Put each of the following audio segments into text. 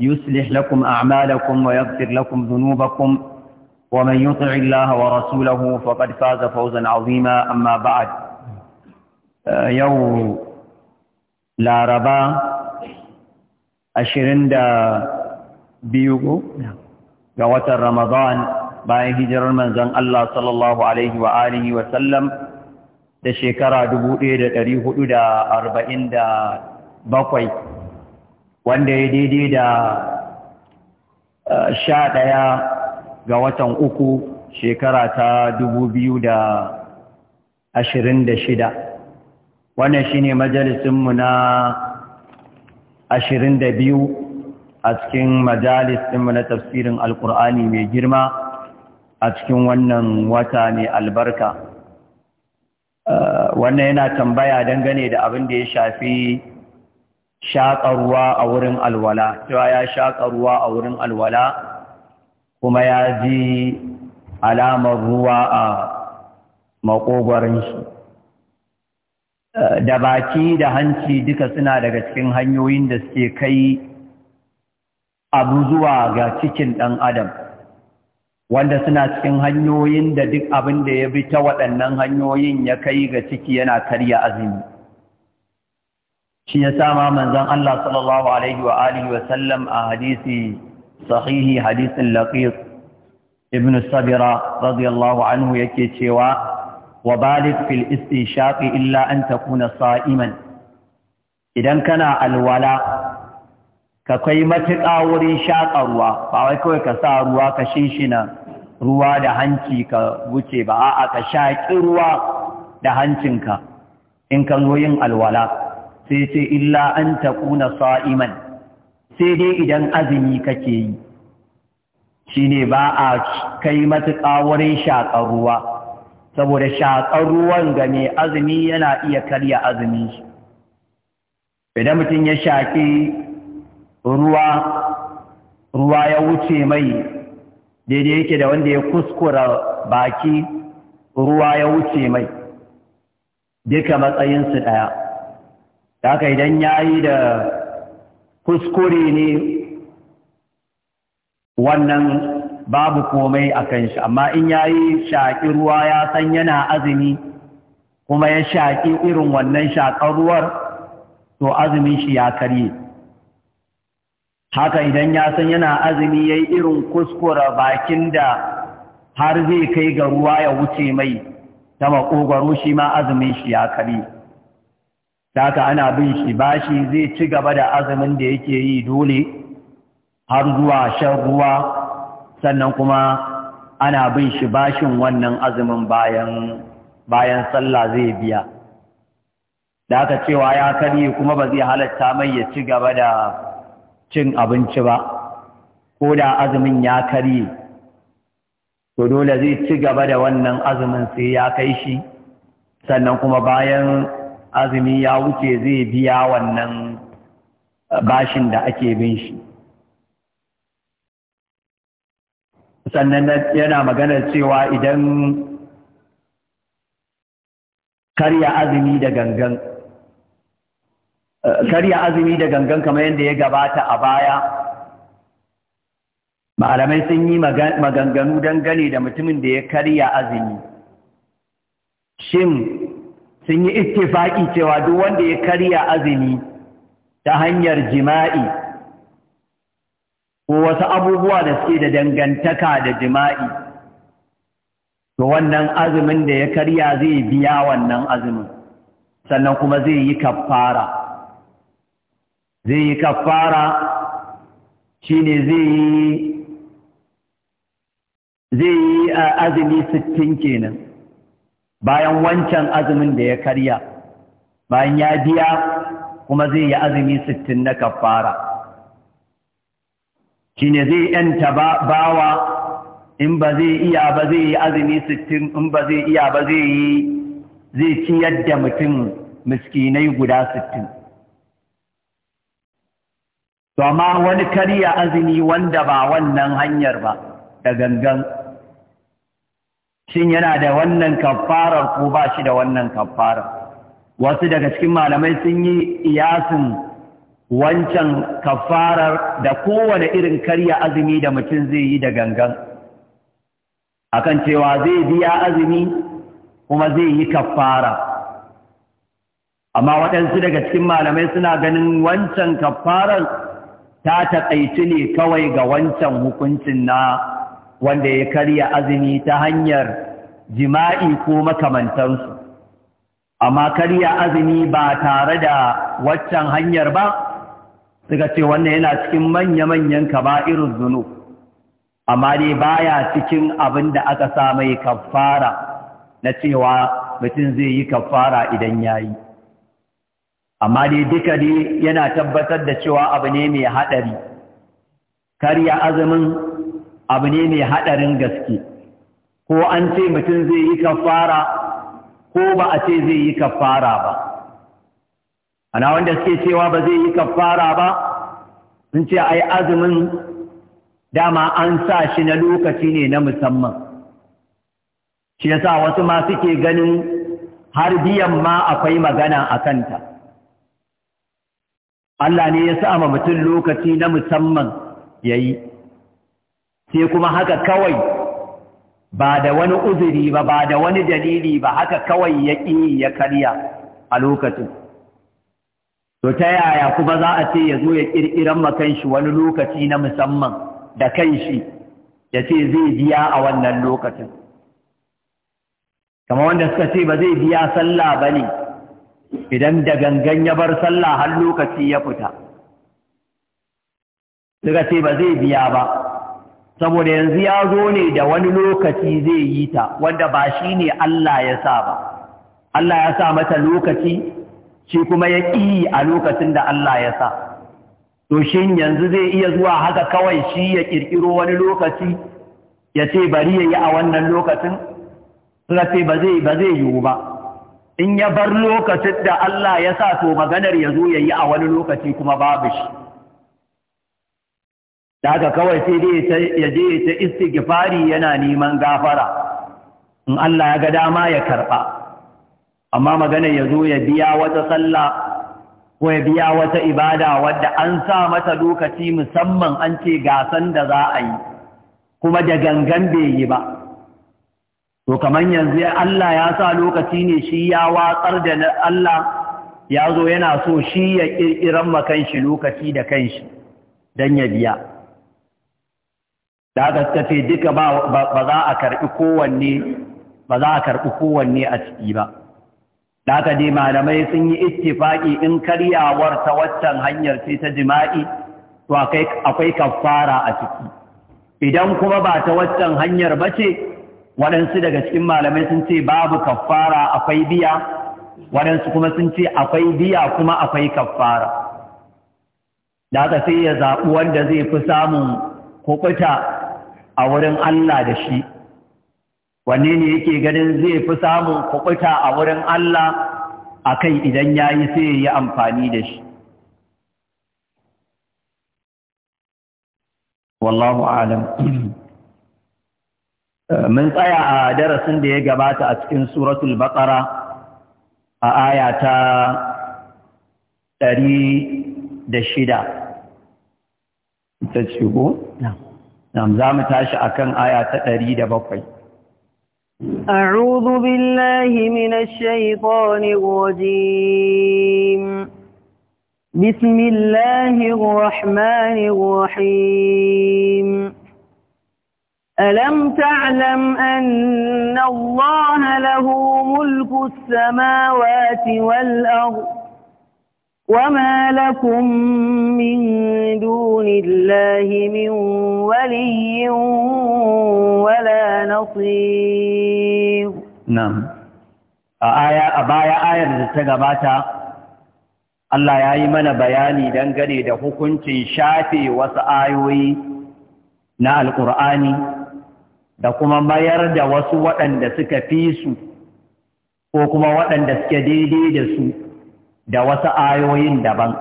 يصلح لكم أعمالكم ويغفر لكم ذنوبكم ومن يطع الله ورسوله فقد فاز فوزا عظيما أما بعد يوم لا ربا أشرين دا بيوغو قوة رمضان باي هجر المنزن الله صلى الله عليه وآله وسلم da shekara 1447 wanda ya daidai da eh, sha ɗaya ga watan uku shekara ta dubu biyu da ashirin da shida wannan shi ne majalisinmu na ashirin da biyu a cikin majalis ɗinmu na tafsirin alkur'ani mai girma a cikin wannan wata mai albarka eh, wannan yana tambaya dangane da abin da ya shafi shaƙa ruwa a wurin alwala cewa ya shaƙa ruwa a wurin alwala kuma ya ji alamar ruwa a makogwarin shi da baki da hanci duka suna daga cikin hanyoyin da suke kai abu zuwa ga cikin ɗan adam wanda suna cikin hanyoyin da duk abin da ya bi ta waɗannan hanyoyin ya kai ga ciki yana karya azumi shi ya sama manzon Allah sallallahu alaihi wa alihi wa sallam a hadisi sahihi hadisin laqit ibn sabira radiyallahu anhu yake cewa wa balik fil istinshaqi illa an takuna sa'iman idan kana alwala ka kai matuƙa wurin shaƙa ruwa ba wai kawai ka sa ruwa ka shinshina ruwa da hanci ka wuce ba a'a ka shaƙi ruwa da hancinka in ka zo yin alwala sai ce illa an taƙuna sa'iman sai dai idan azumi kake yi shi ne ba a kai matuƙa wurin shaƙar ruwa saboda shaƙar ruwan ga mai azumi yana iya karya azumi idan mutum ya shaƙi ruwa ruwa ya wuce mai daidai yake da wanda ya kuskura baki ruwa ya wuce mai duka matsayinsu ɗaya da haka idan ya yi da kuskure ne wannan babu komai a kan shi amma in ya yi shaƙi ruwa ya san yana azumi kuma ya shaƙi irin wannan shaƙar ruwar to azumin shi ya karye haka idan ya san yana azumi ya yi irin kuskura bakin da har zai kai ga ruwa ya wuce mai ta maƙogwaro shi ma azumin shi ya karye Daka ana bin shi bashi zai ci gaba da azumin da yake yi dole har zuwa shan ruwa sannan kuma ana bin shi bashin wannan azumin bayan bayan sallah zai biya. Da haka cewa ya karye kuma ba zai halatta mai ya ci gaba da cin abinci ba, ko da azumin ya karye, to dole zai ci gaba da wannan azumin sai ya kai shi, sannan kuma bayan azumi ya wuce zai biya wannan bashin da ake bin shi sannan yana maganar cewa idan karya azumi da gangan eh, karya azumi da gangan kamar yadda ya gabata a baya malamai sun yi maganganu dangane da mutumin da ya karya azumi shin sun yi ittifaki cewa duk wanda ya karya azumi ta hanyar jima'i ko wasu abubuwa da suke da dangantaka da jima'i to wannan azumin da ya karya zai biya wannan azumin sannan kuma zai yi kaffara zai yi kaffara shine zai yi zai yi azumi sittin kenan bayan wancan azumin da ya karya bayan ya biya kuma zai yi azumi sittin na kafara shi ne zai yanta bawa in ba zai iya ba zai yi azumi sittin in ba zai iya ba zai yi zai ciyar da mutum miskinai guda sittin to amma wani karya azumi wanda ba wannan hanyar ba da gangan shin yana da wannan kafarar ko ba shi da wannan kaffarar wasu daga cikin malamai sun yi iyasin wancan kafarar da kowane irin karya azumi da mutum zai yi da gangan akan cewa zai biya azumi kuma zai yi kafara amma waɗansu daga cikin malamai suna ganin wancan kafarar ta taƙaici ne kawai ga wancan hukuncin na wanda ya karya azumi ta hanyar jima'i ko makamantansu amma karya azumi ba tare da waccan hanyar ba suka ce wannan yana cikin manya-manyan irin zunu amma dai baya cikin abin da aka sa mai kaffara na cewa mutum zai yi kaffara idan ya yi amma dai duka dai yana tabbatar da cewa abu ne mai haɗari karya azumin abu ne mai haɗarin gaske ko an ce mutum zai yi kafara ko ba a ce zai yi kafara ba ana wanda suke cewa ba zai yi kafara ba sun ce ai azumin dama an sa shi na lokaci ne na musamman shi yasa wasu ma suke ganin har biyan ma akwai magana a kanta Allah ne ya sa ma mutum lokaci na musamman ya yi sai kuma haka kawai ba da wani uzuri ba ba da wani dalili ba haka kawai ya ƙi ya karya a lokacin to ta yaya kuma za a ce ya zo ya ƙirƙiran makanshi wani lokaci na musamman da kanshi ya ce zai biya a wannan lokacin kama wanda suka ce ba zai biya sallah ba ne idan da gangan ya bar sallah har lokaci ya fita suka ce ba zai biya ba saboda yanzu ya zo ne da wani lokaci zai yi ta wanda ba shi ne Allah ya sa ba Allah ya sa mata lokaci shi kuma ya ƙi a lokacin da Allah ya sa to shin yanzu zai iya zuwa haka kawai shi ya ƙirƙiro wani lokaci ya ce bari ya yi a wannan lokacin suna ce ba zai ba zai yiwu ba in ya bar lokacin da Allah ya sa to maganar ya zo ya yi a wani lokaci kuma babu shi da haka kawai sai dai ya je ta istighfari yana neman gafara in Allah ya ga dama ya karba amma magana ya zo ya biya wata sallah ko ya biya wata ibada wadda an sa mata lokaci musamman an ce gasan da za a yi kuma da gangan bai yi ba to kaman yanzu Allah ya sa lokaci ne shi ya watsar da Allah ya zo yana so shi ya ƙirƙiran makanshi lokaci da kanshi don ya biya da aka tafi duka ba za a karɓi kowanne ba za a karɓi kowanne a ciki ba da aka dai malamai sun yi ittifaki in karyawar ta waccan hanyar ce ta jima'i to akwai kafara a ciki idan kuma ba ta waccan hanyar ba ce waɗansu daga cikin malamai sun ce babu kafara akwai biya waɗansu kuma sun ce akwai biya kuma akwai kafara da aka sai ya zaɓi wanda zai fi samun kukuta a wurin Allah da shi wanne ne yake ganin zai fi samun kuɓuta a wurin Allah a kai idan ya yi sai ya yi amfani da shi wallahu alam mun tsaya a darasin da ya gabata a cikin suratul baqara a aya ta ɗari da shida Ita ce نعم زام تاشي أكن آية أريد بقي أعوذ بالله من الشيطان الرجيم بسم الله الرحمن الرحيم ألم تعلم أن الله له ملك السماوات والأرض Wa لكم من دون الله من ولي ولا نصير نعم آية أبايا آية Allah ya yi mana bayani dangane da hukuncin shafe wasu ayoyi na Alƙur'ani da kuma mayar da wasu waɗanda suka fi su ko kuma waɗanda suke daidai da su da wasu ayoyin daban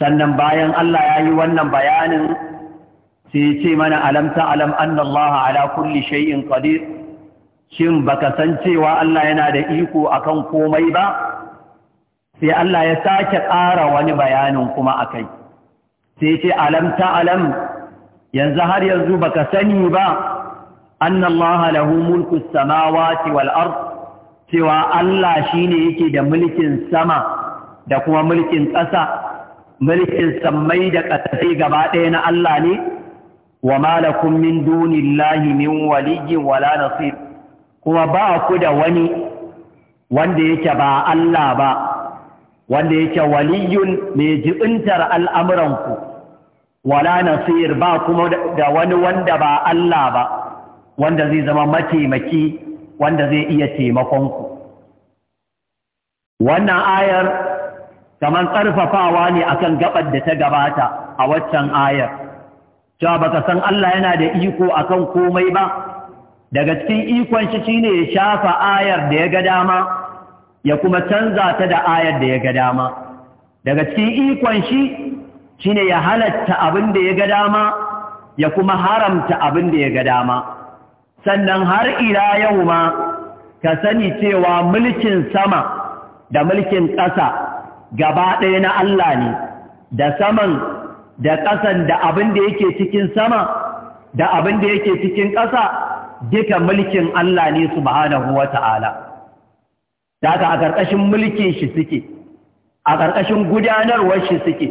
sannan bayan Allah ya yi wannan bayanin sai ce mana alamta alam anna Allah ala kulli shay'in qadir shin baka san cewa Allah yana da iko akan komai ba sai Allah ya sake ƙara wani bayanin kuma akai sai ce alamta alam yanzu har yanzu baka sani ba anna Allah lahu mulku samawati wal ard cewa Allah shi ne yake da mulkin sama da kuma mulkin ƙasa, mulkin sammai da ƙasashe gaba ɗaya na Allah ne, wa malakun min lahi min waligin wala nasir, kuma ba ku da wani wanda yake ba Allah ba, wanda yake waliyun mai jiɓintar al'amuranku, wala nasir ba kuma da wani wanda ba Allah ba, wanda zai zama mataimaki wanda zai iya taimakon ku. wannan ayar kamar ƙarfafawa ne akan gabar da ta gabata a waccan ayar cewa baka san Allah yana da iko akan komai ba daga cikin ikon shi shine ya shafa ayar da ya ga dama ya kuma canza ta da ayar da ya ga dama daga cikin ikon shi shine ya halatta abin da ya ga dama ya kuma haramta abin da ya ga dama sannan har ila yau ma ka sani cewa mulkin sama da mulkin ƙasa gaba ɗaya na Allah ne da saman da ƙasan da abin da yake cikin sama da abin da yake cikin ƙasa duka mulkin Allah ne subhanahu wa ta'ala da a ƙarƙashin mulkin shi suke a ƙarƙashin gudanarwar shi suke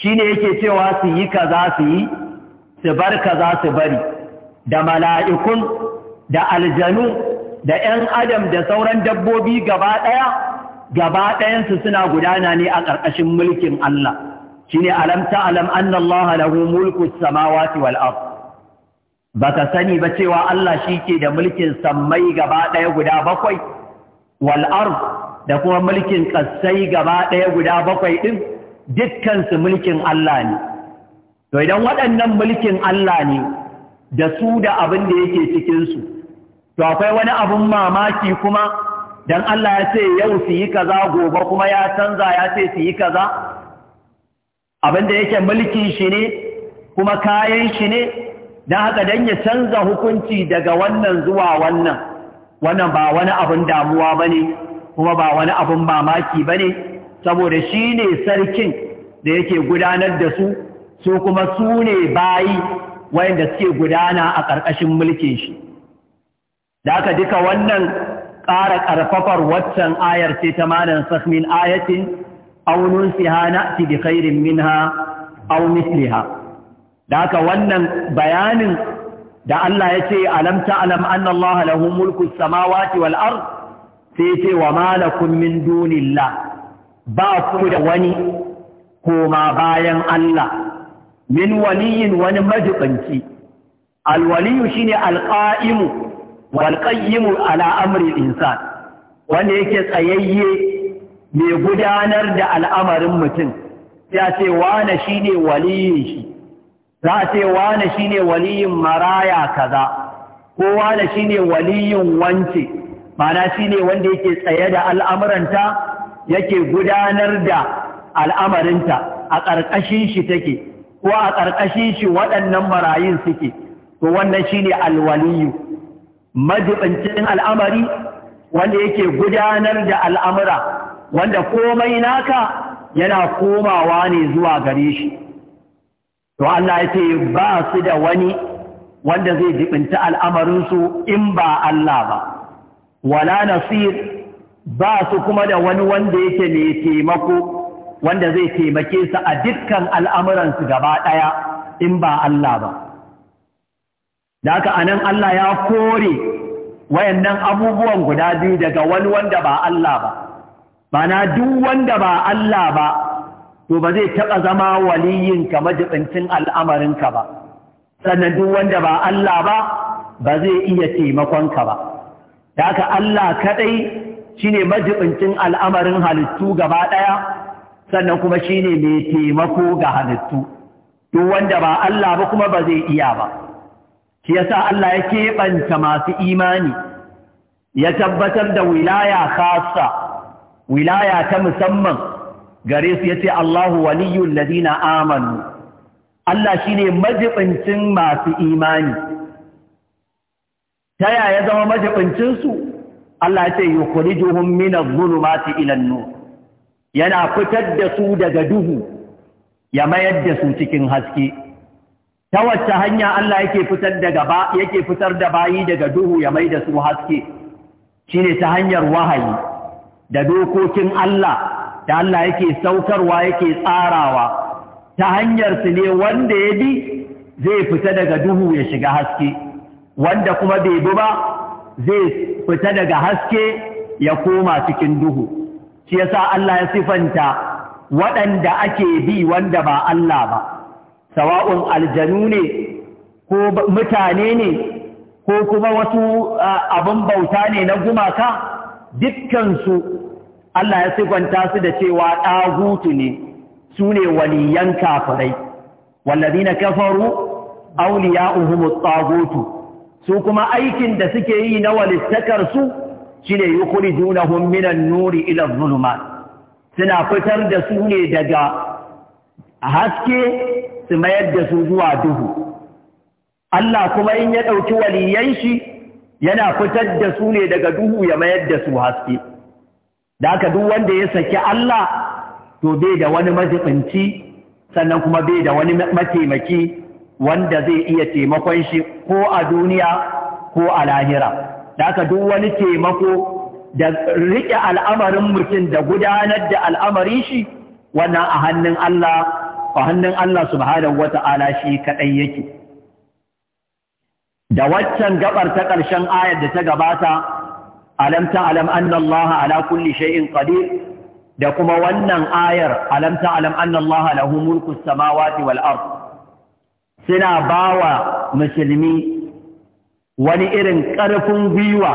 shi ne yake cewa su yi kaza su yi su bar kaza su bari da mala'ikun da aljanu da ‘yan adam da sauran dabbobi gaba ɗaya gaba ɗayansu suna gudana ne a ƙarƙashin mulkin Allah shi ne alamta alam an lahu mulku samawati wal ard ba ka sani ba cewa Allah shi ke da mulkin sammai gaba ɗaya guda bakwai wal da kuma mulkin ƙasai gaba ɗaya guda bakwai ɗin dukkansu mulkin Allah ne to idan waɗannan mulkin Allah ne da su da abin da yake cikinsu to akwai wani abin mamaki kuma don Allah ya ce yau su yi kaza gobe kuma ya canza ya ce su yi kaza abin da yake mulkin shi ne kuma kayan shi ne don haka don ya canza hukunci daga wannan zuwa wannan wannan ba wani abin damuwa ba ne kuma ba wani abin mamaki ba ne saboda shi ne sarkin da yake gudanar da su su kuma su ne bayi wayanda suke gudana a ƙarƙashin mulkin shi da aka duka wannan ƙara ƙarfafar waccan ayar ce ta manan sahmin ayatin aunun na ti bi khairin minha aw misliha da aka wannan bayanin da Allah ya ce alam ta'lam anna Allah lahu mulku samawati wal ard sai ce wa ma lakum min dunillah ba ku da wani koma bayan Allah min waliyin wani majibanci alwaliyu shine alqa'imu wal qayyimu ala amri insan wanda yake tsayayye mai gudanar da al'amarin mutum ya ce wane shine waliyin shi za a ce wane shine waliyin maraya kaza ko wane shine waliyin wance mana shine wanda yake tsaye da al'amuranta yake gudanar da al'amarinta a ƙarƙashin shi take ko a ƙarƙashin shi waɗannan marayun suke to wannan shi ne alwaliyu majibincin al'amari wanda yake gudanar da al'amura wanda komai naka yana komawa ne zuwa gare shi to Allah ya ce ba su da wani wanda zai jibinta al'amarinsu in ba Allah ba wala nasir ba su kuma da wani wanda yake mai taimako wanda zai taimake su a dukkan al'amuransu gaba ɗaya in ba Allah ba. Da aka anan Allah ya kore wayannan abubuwan guda biyu daga wani wanda ba Allah ba, ba na duk wanda ba Allah ba, to ba zai taɓa zama waliyinka majibincin al'amarinka ba, sannan duk wanda ba Allah ba, ba zai iya taimakonka ba. Da aka Allah kaɗai shi ne majibincin al'amarin halittu gaba ɗaya. sannan kuma shine mai taimako ga halittu duk wanda ba Allah ba kuma ba zai iya ba shi yasa Allah ya keɓanta masu imani ya tabbatar da wilaya kasa, wilaya ta musamman gare su ce Allahu Waliyyun, ladina amanu Allah shine majibincin masu imani ta yaya zama majibincin Allah ya ce minar minadh-dhulumati ilan-nur yana fitar da su daga duhu ya mayar da su cikin haske ta wacce hanya Allah yake fitar daga ba yake fitar da bayi daga duhu ya mai da su haske shine ta hanyar wahayi da dokokin Allah da Allah yake saukarwa yake tsarawa ta hanyar su ne wanda ya bi zai fita daga duhu ya shiga haske wanda kuma bai bi ba zai fita daga haske ya koma cikin duhu shi yasa Allah ya sifanta waɗanda ake bi wanda ba Allah ba sawa'un aljanu ne ko mutane ne ko kuma wasu abin bauta ne na gumaka dukkansu Allah ya sifanta su da cewa ɗagutu ne su ne waliyan kafirai wallazina kafaru auliya at su kuma aikin da suke yi na su shine yukhrijunahum minan nuri ila dhulumat suna fitar da su ne daga haske su mayar da su zuwa duhu Allah kuma in ya ɗauki waliyan shi yana fitar da su ne daga duhu ya mayar da su haske da haka duk wanda ya saki Allah to bai da wani majibinci sannan kuma bai da wani mataimaki wanda zai iya taimakon shi ko a duniya ko a lahira da aka duk wani taimako da riƙe al'amarin mutum da gudanar da al'amarin shi wannan a hannun Allah a hannun Allah subhanahu ta'ala shi kaɗai yake da waccan gabar ta ƙarshen ayar da ta gabata alam ta'lam ala kulli shay'in qadir da kuma wannan ayar alam ta'lam lahu mulku samawati wal ard suna bawa musulmi wani irin ƙarfin gwiwa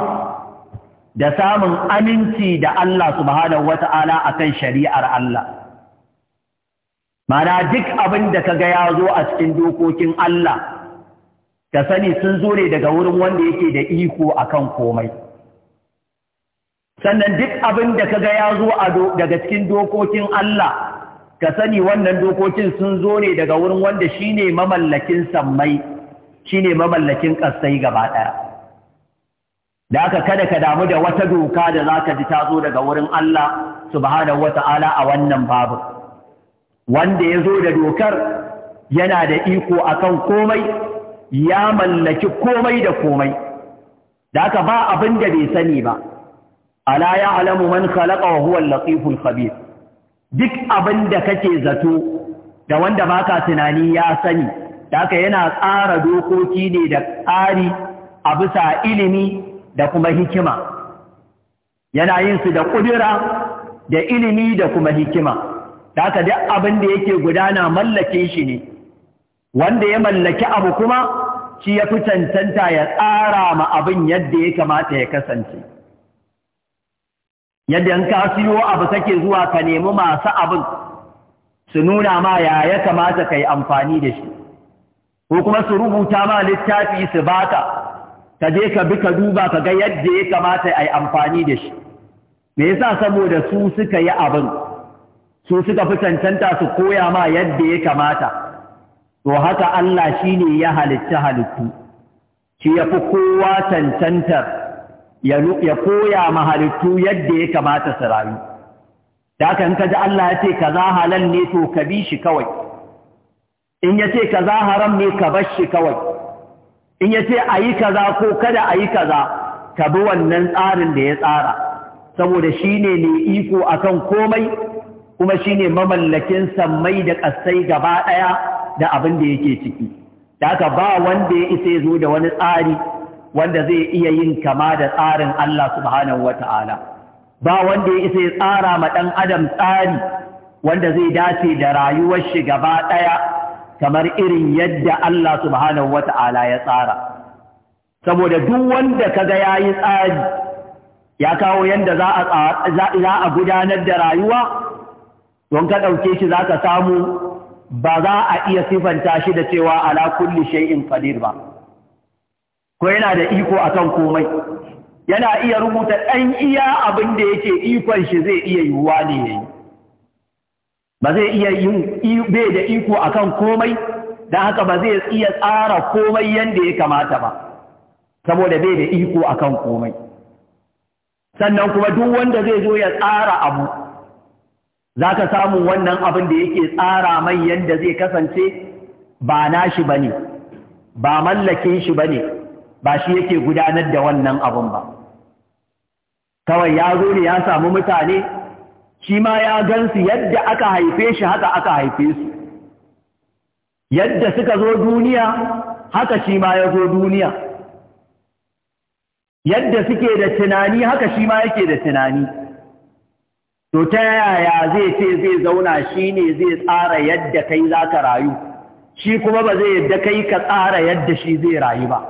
da samun aminci da Allah subhanahu wata'ala akan shari'ar Allah mana duk abin da kaga ya zo a cikin dokokin Allah ka sani sun zo ne daga wurin wanda yake da iko a kan komai sannan duk abin da kaga ya zo daga cikin dokokin Allah ka sani wannan dokokin sun zo ne daga wurin wanda shi ne mamallakin sammai shine mamallakin ƙasai gaba ɗaya da aka kada ka damu da wata doka da za ka ji ta zo daga wurin Allah wa wata'ala a wannan babu wanda ya zo da dokar yana da iko akan komai ya mallaki komai da komai da aka ba abin da bai sani ba ala ya alamu man khalaqa wa huwa latiful khabir duk abin da kake zato da wanda baka tunani ya sani da yana tsara dokoki ne da tsari a bisa ilimi da kuma hikima yana yin su da ƙudura da ilimi da kuma hikima da duk abin da yake gudana mallake shi ne wanda ya mallaki abu kuma shi ya fi cancanta ya tsara ma abin yadda ya kamata ya kasance yadda in ka siyo abu kake zuwa ka nemi masu abin su nuna ma ya ya kamata ka yi amfani da shi ko kuma su rubuta ma littafi su baka ka je ka bi ka duba ka ga yadda ya kamata a yi amfani da shi me yasa saboda su suka yi abin su suka fi cancanta su koya ma yadda ya kamata to haka Allah shi ne ya halitta halittu shi ya fi kowa cancantar ya koya ma halittu yadda ya kamata su rayu da kan ka ji Allah ya ce kaza halal ne to ka bi shi kawai in ya ce kaza haram ne ka bar shi kawai in ya ce a yi kaza ko kada a yi kaza ka bi wannan tsarin da ya tsara saboda shi ne mai iko kan komai kuma shi ne mamallakin sammai da ƙasai gaba ɗaya da abin da yake ciki da aka ba wanda ya isa ya zo da wani tsari wanda zai iya yin kama da tsarin Allah subhanahu wa ta'ala ba wanda ya isa ya tsara ma ɗan adam tsari wanda zai dace da rayuwar shi gaba ɗaya kamar irin yadda Allah subhanahu Ta'ala ya tsara saboda duk wanda kaga yayi tsari ya kawo yadda za a gudanar da rayuwa don ka dauke shi zaka samu ba za a iya sifanta shi da cewa ala kulli shay'in qadir ba ko yana da iko akan komai yana iya rubuta ɗan iya abin da yake ikon shi zai iya yiwuwa ne yayi ba zai iya yin bai da iko akan komai dan haka ba zai iya tsara komai yanda ya kamata ba saboda bai da iko akan komai sannan kuma duk wanda zai zo ya tsara abu zaka samu wannan abin da yake tsara mai yanda zai kasance ba nashi ba ne ba mallakin shi bane ba shi yake gudanar da wannan abun ba kawai ya zo ne ya samu mutane shi ma ya su yadda aka haife shi haka aka haife su yadda suka zo duniya haka shi ma ya zo duniya yadda suke da tunani haka shi ma yake da tunani to ta yaya zai ce zai zauna shi ne zai tsara yadda kai za ka rayu shi kuma ba zai yadda kai ka tsara yadda shi zai rayu ba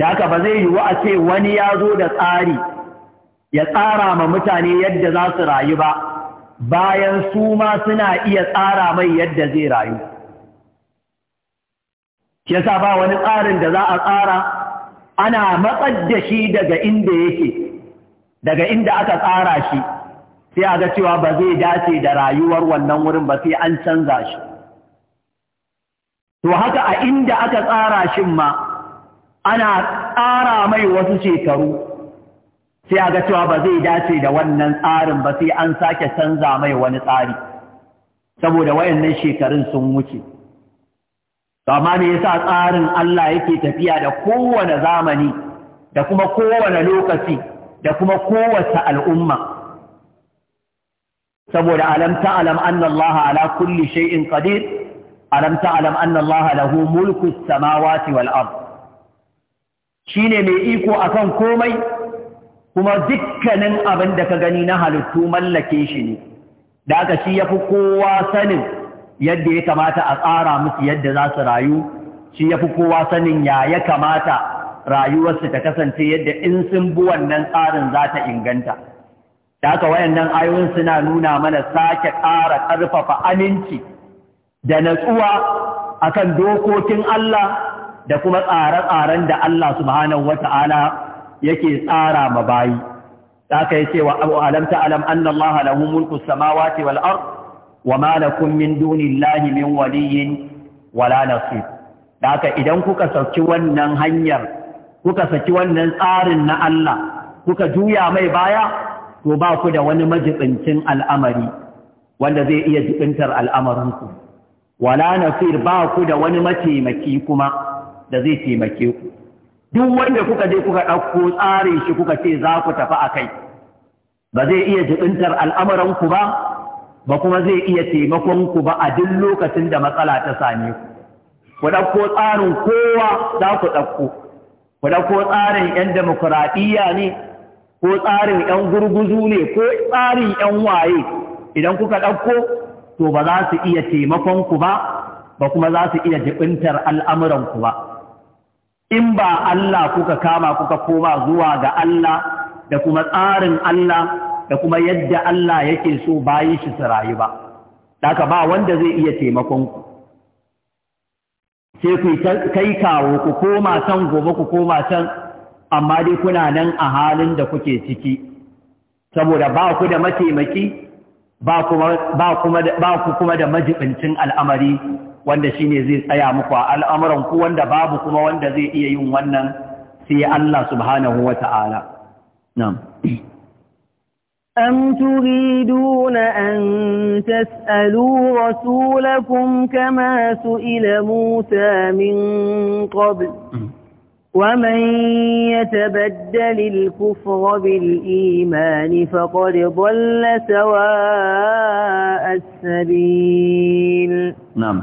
da haka ba zai yi wa a ce wani ya zo da tsari ya tsara ma mutane yadda za su rayu ba bayan su ma suna iya tsara mai yadda zai rayu ke sa ba wani tsarin da za a tsara ana matsar da shi daga inda yake daga inda aka tsara shi sai a ga cewa ba zai dace da rayuwar wannan wurin ba sai an canza shi to haka a inda aka tsara shi ma ana tsara mai wasu shekaru sai a ga cewa ba zai dace da wannan tsarin ba sai an sake canza mai wani tsari saboda wayannan shekarun sun wuce amma me yasa tsarin Allah yake tafiya da kowane zamani da kuma kowane lokaci da kuma kowace al'umma saboda alam ta'lam anna Allah ala kulli shay'in qadir alam ta'lam anna Allah lahu mulku samawati wal ard shine mai iko akan komai kuma dukkanin abin da ka gani na halittu mallake shi ne da aka shi ya fi kowa sanin yadda ya kamata a tsara musu yadda za su rayu shi ya fi kowa sanin ya ya kamata rayuwarsu ta kasance yadda in sun bi wannan tsarin za ta inganta da aka wayannan ayoyin suna nuna mana sake ƙara ƙarfafa aminci da natsuwa akan dokokin Allah da kuma tsare-tsaren da Allah subhanahu wata'ala yake tsara ma bayi haka yake wa abu alam ta'lam anna allaha lahu mulku samawati wal ard wa ma lakum min dunillahi min waliyyin wala nasir haka idan kuka sauki wannan hanyar kuka saki wannan tsarin na Allah kuka juya mai baya to ba ku da wani majibincin al'amari wanda zai iya jibintar al'amarinku wala nasir ba ku da wani mataimaki kuma da zai taimake ku duk wanda kuka je kuka ɗauko tsare shi kuka ce za ku tafi a kai ba zai iya jibintar al'amuranku ba ba kuma zai iya taimakonku ba a duk lokacin da matsala ta same ku ku ɗauko tsarin kowa za ku ɗauko ku ɗauko tsarin 'yan demokuraɗiyya ne ko tsarin 'yan gurguzu ne ko tsarin 'yan waye idan kuka ɗauko to ba za su iya taimakonku ba ba kuma za su iya jibintar al'amuranku ba in ba Allah kuka kama kuka koma zuwa ga Allah da kuma tsarin Allah da kuma yadda Allah yake so bayi shi su rayu ba daga ba wanda zai iya taimakon ku sai ku kai kawo ku koma can gobe ku koma can amma dai kuna nan a halin da kuke ciki saboda ba ku da mataimaki ba ku kuma da majibincin al'amari wanda shi ne zai tsaya muku a al'amuran ku wanda babu kuma wanda zai iya yin wannan sai Allah subhanahu wa ta'ala. Nam. أم تريدون أن تسألوا رسولكم كما سئل موسى من قبل ومن يتبدل الكفر بالإيمان فقد ضل سواء السبيل نعم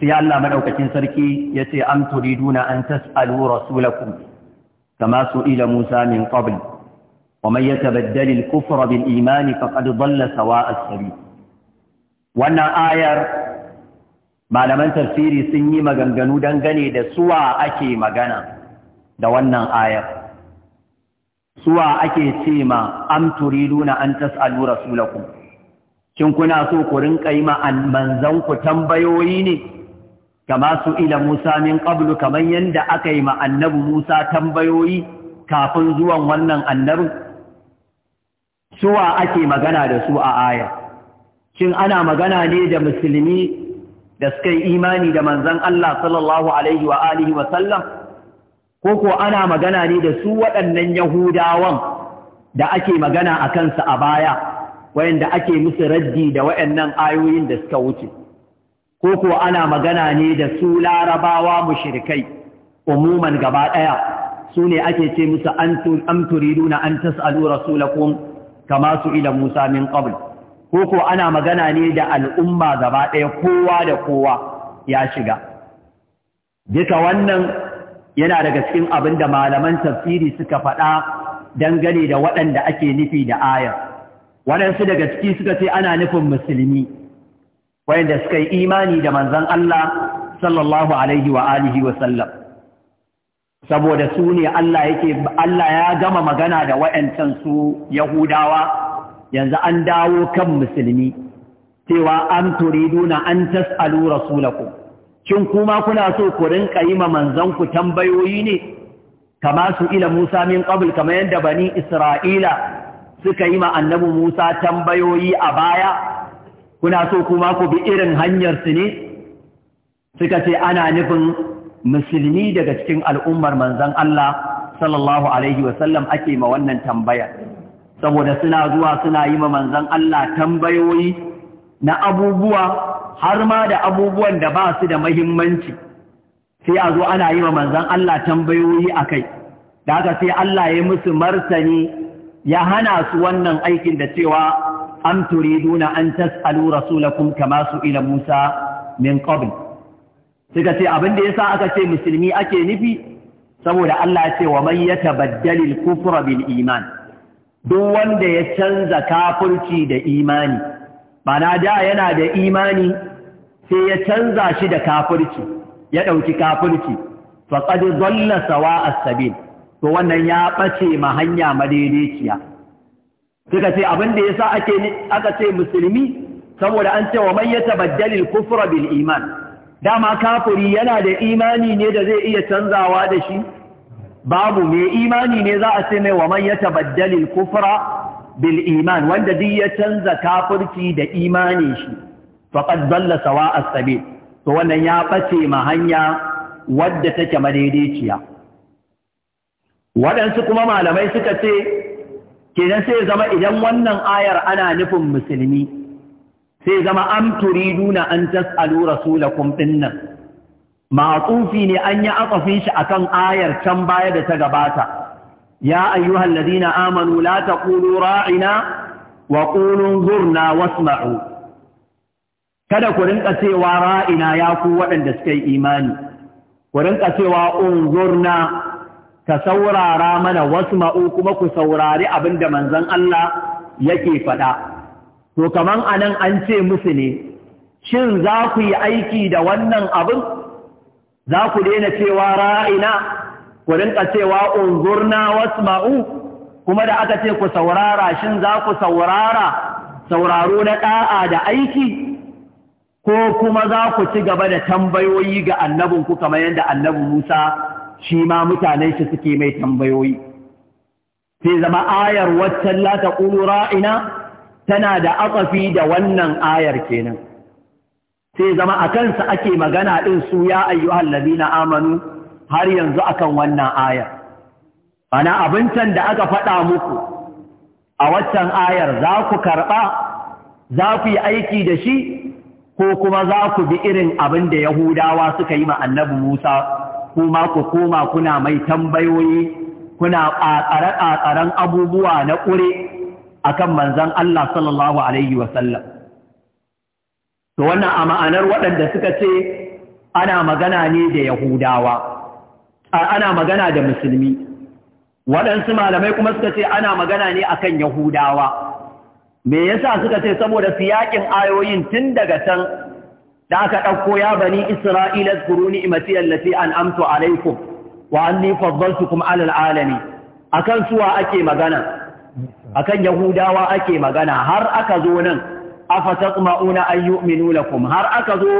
في الله مدوكتين سركي يتي أم تريدون أن تسألوا رسولكم كما سئل موسى من قبل ومن يتبدل الكفر بالإيمان فقد ضل سواء السبيل وأن آير ما لمن تفسيري سني مغنغنو دنغني سوى أكي مغنغنو da wannan ayar suwa ake ce ma am turiduna an tas'alu rasulakum kin kuna so ku rinka yi ma manzan ku tambayoyi ne kama su ila Musa min qablu kaman yanda aka yi ma annabi Musa tambayoyi kafin zuwan wannan annabi suwa ake magana da su a ayar? shin ana magana ne da musulmi da suka yi imani da manzan Allah sallallahu alaihi wa alihi wa sallam ko ko ana magana ne da su waɗannan Yahudawan da ake magana a kansu a baya, wayanda ake musu raddi da waɗannan ayoyin da suka wuce, ko ko ana magana ne da su larabawa mushirikai umuman gaba ɗaya, su ne ake ce musu an nuna an tas'alu rasulakum kama su ila Musa min ƙabul. Ko ko ana magana ne da al'umma gaba ɗaya kowa da kowa ya shiga. Duka wannan yana daga cikin abin da malaman tafsiri suka faɗa dangane da waɗanda ake nufi da ayar waɗansu daga ciki suka ce ana nufin musulmi wayanda suka yi imani da manzon Allah sallallahu alaihi wa alihi saboda su ne Allah yake Allah ya gama magana da wayancan su Yahudawa yanzu an dawo kan musulmi cewa an turiduna an tas'alu rasulakum shin kuma kuna so ku rinka yi ma manzanku tambayoyi ne kama su ila Musa min qabl kamar yadda bani Isra'ila suka yi ma annabi Musa tambayoyi a baya kuna so kuma ku bi irin hanyarsu ne suka ce ana nufin musulmi daga cikin al'ummar manzan Allah sallallahu alaihi wasallam ake ma wannan tambaya saboda suna zuwa suna yi ma manzan Allah tambayoyi na abubuwa har ma da abubuwan da ba su da mahimmanci sai a zo ana yi wa manzan Allah tambayoyi a kai da haka sai Allah ya musu martani ya hana su wannan aikin da cewa am turiduna an tas'alu rasulakum kama su ila Musa min qabl suka ce abin da yasa aka ce musulmi ake nufi saboda Allah ya ce wa man yatabaddalil kufra bil iman duk wanda ya canza kafirci da imani bana da yana da imani sai ya canza shi da kafirci ya ɗauki kafirci faƙad zalla sawa a sabil to wannan ya ɓace ma hanya madaidaiciya suka ce abin da yasa ake aka ce musulmi saboda an ce wa man yatabaddal al-kufra bil iman dama kafiri yana da imani ne da zai iya canzawa da shi babu mai imani ne za a ce mai wa man yatabaddal al-kufra bil iman wanda duk ya canza kafirci da imani shi faqad dalla sawa as-sabil to wannan ya bace ma hanya wadda take madaidaiciya waɗansu kuma malamai suka ce kenan sai zama idan wannan ayar ana nufin musulmi sai zama am turiduna an tas'alu rasulakum dinnan ma'tufi ne an yi aqafin shi akan ayar can baya da ta gabata يا أيها الذين آمنوا لا تقولوا راعنا وقولوا انظرنا واسمعوا kada ku rinka cewa ra'ina ya ku waɗanda suka yi imani ku rinka cewa unzurna ka saurara mana wasma'u kuma ku saurari abin da manzon Allah yake faɗa to kaman anan an ce musu ne shin za ku yi aiki da wannan abin za ku daina cewa ra'ina ku rinka cewa unzurna wasma'u kuma da aka ce ku saurara shin za ku saurara sauraro na ɗa'a da aiki ko kuma za ku ci gaba da tambayoyi ga annabinku kamar yadda annabi Musa shi ma mutanen shi suke mai tambayoyi sai zama ayar waccan la taqulu ra'ina tana da atsafi da wannan ayar kenan sai zama a kansa ake magana ɗin su ya ayyuhal ladina amanu har yanzu akan wannan ayar ana abincin da aka faɗa muku a waccan ayar za ku karɓa za ku yi aiki da shi ko kuma za ku bi irin abin da yahudawa suka yi ma annabi musa kuma ku koma kuna mai tambayoyi kuna ƙaƙare-ƙaƙaren abubuwa na ƙure akan kan manzan Allah sallallahu Alaihi wasallam. To wannan a ma'anar waɗanda suka ce ana magana ne da Yahudawa, ana magana da musulmi waɗansu malamai kuma suka ce ana magana ne akan yahudawa me yasa suka ce saboda su yaƙin ayoyin tun daga can da aka ɗauko ya bani isra'ila zkuru ni'mati allati an'amtu alaikum wa anni kuma alal alamin akan suwa ake magana akan yahudawa ake magana har aka zo nan afatatma'una ayyuminu ayyuminu lakum har aka zo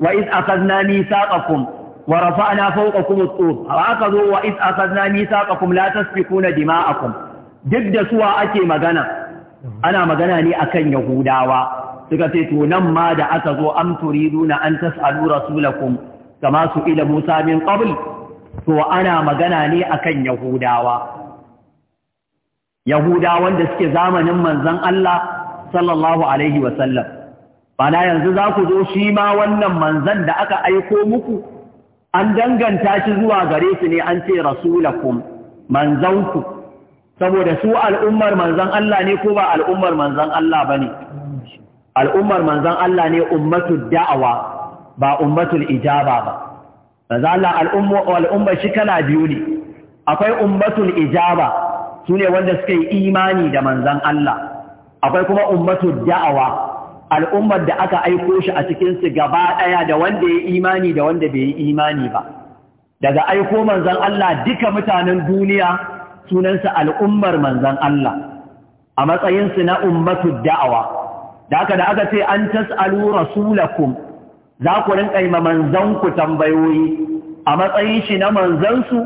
wa iz akhadna mithaqakum wa rafa'na fawqakum at-tur haka zo wa iz akhadna mithaqakum la tasfikuna dima'akum duk da suwa ake magana ana magana ne akan yahudawa suka ce to nan ma da aka zo am turiduna an tas'alu rasulakum kama su ila Musa min qabl to ana magana ne akan yahudawa yahudawan da suke zamanin manzon Allah sallallahu bana yanzu za ku zo shi ma wannan manzan da aka aiko muku an danganta shi zuwa gare su ne an ce rasulakum manzanku saboda su al'ummar manzan Allah ne ko ba al'ummar manzan Allah ba ne al'ummar manzan Allah ne ummatul da'awa ba ummatul ijaba ba manzan Allah al'ummar shi kana biyu ne akwai ummatul ijaba su ne wanda suka yi imani da manzan Allah akwai kuma ummatul da'awa al'ummar da aka aiko shi a cikinsu gaba ɗaya da wanda ya imani da wanda bai yi imani ba daga aiko manzan Allah duka mutanen duniya sunansa al'ummar manzan Allah a matsayinsu na ummatu da'awa da aka da aka ce an tas'alu rasulakum za ku rinka yi manzanku tambayoyi a matsayin shi na manzansu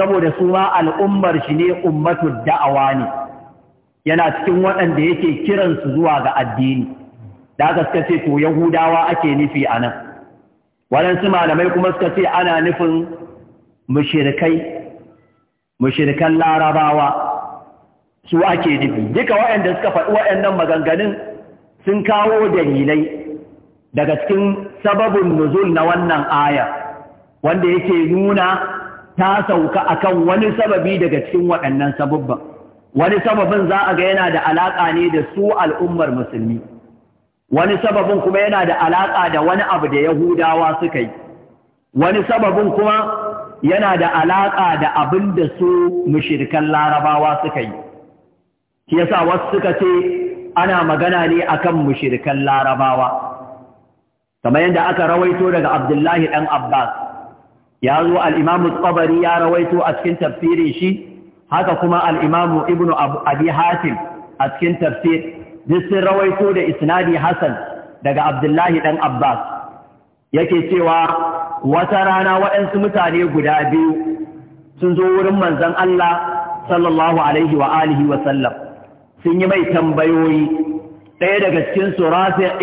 saboda su ma al'ummar shi ne ummatu da'awa ne yana cikin waɗanda yake kiransu zuwa ga addini da aka suka ce to yahudawa ake nufi a nan waɗansu malamai kuma suka ce ana nufin mushirikai mushirikan larabawa su ake nufi duka waɗanda suka faɗi waɗannan maganganun sun kawo dalilai daga cikin sababin nuzul na wannan aya wanda yake nuna ta sauka akan wani sababi daga cikin waɗannan sababban wani sababin za a ga yana da alaƙa ne da su al'ummar musulmi wani sababin kuma yana da alaƙa da wani abu da Yahudawa suka yi, wani sababin kuma yana da alaƙa da abin da su mashirkan larabawa suka yi. Shi yasa wasu suka ce ana magana ne akan mashirkan larabawa. Kamar yadda aka rawaito daga Abdullahi ɗan Abbas, ya zo al'imamu tsabari ya rawaito a cikin tafsirin shi, haka kuma al'imamu Ibn Abi Hatim a cikin tafsir duk sun rawaito da isnadi Hassan daga Abdullahi ɗan Abbas yake cewa wata rana waɗansu mutane guda biyu sun zo wurin manzon Allah sallallahu alaihi wa alihi sun yi mai tambayoyi ɗaya daga cikin su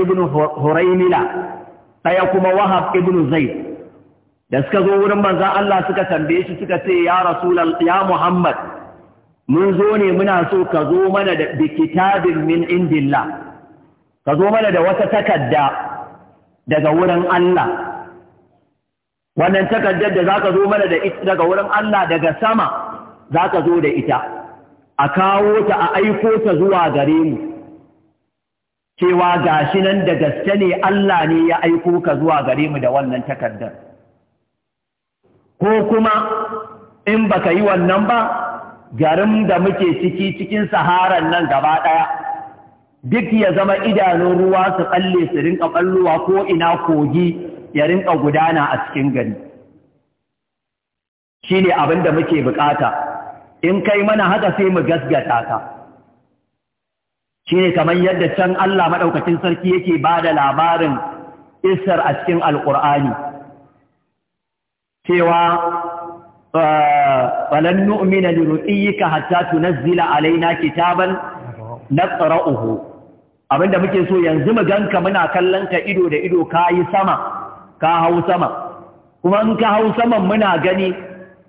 ibn Huraimila, ɗaya kuma Wahab ibn Zaid da suka zo wurin manzon Allah suka tambaye shi suka ce ya Rasulullah ya Muhammad mun zo ne muna so ka zo mana da kitabin min indillah ka zo mana da wata takarda daga wurin Allah wannan takardar da zaka zo mana da ita daga wurin Allah daga sama zaka zo da ita a kawo ta a aiko ta zuwa gare mu cewa gashi nan da gaske ne Allah ne ya aiko ka zuwa gare mu da wannan takardar ko kuma in baka yi wannan ba garin da muke ciki cikin saharan nan gaba ɗaya duk ya zama idanun ruwa su tsalle su rinka ɓalluwa ko ina kogi ya rinka gudana a cikin gari shi ne abin da muke bukata in kai mana haka sai mu gasgata ka shi ne kamar yadda can Allah maɗaukacin sarki yake ba da labarin isar a cikin alƙur'ani cewa falan nu'mina li ru'yika hatta tunzila alaina kitaban abinda muke so yanzu mu ganka muna kallon ka ido da ido kayi sama ka hau sama kuma in ka hau saman muna gani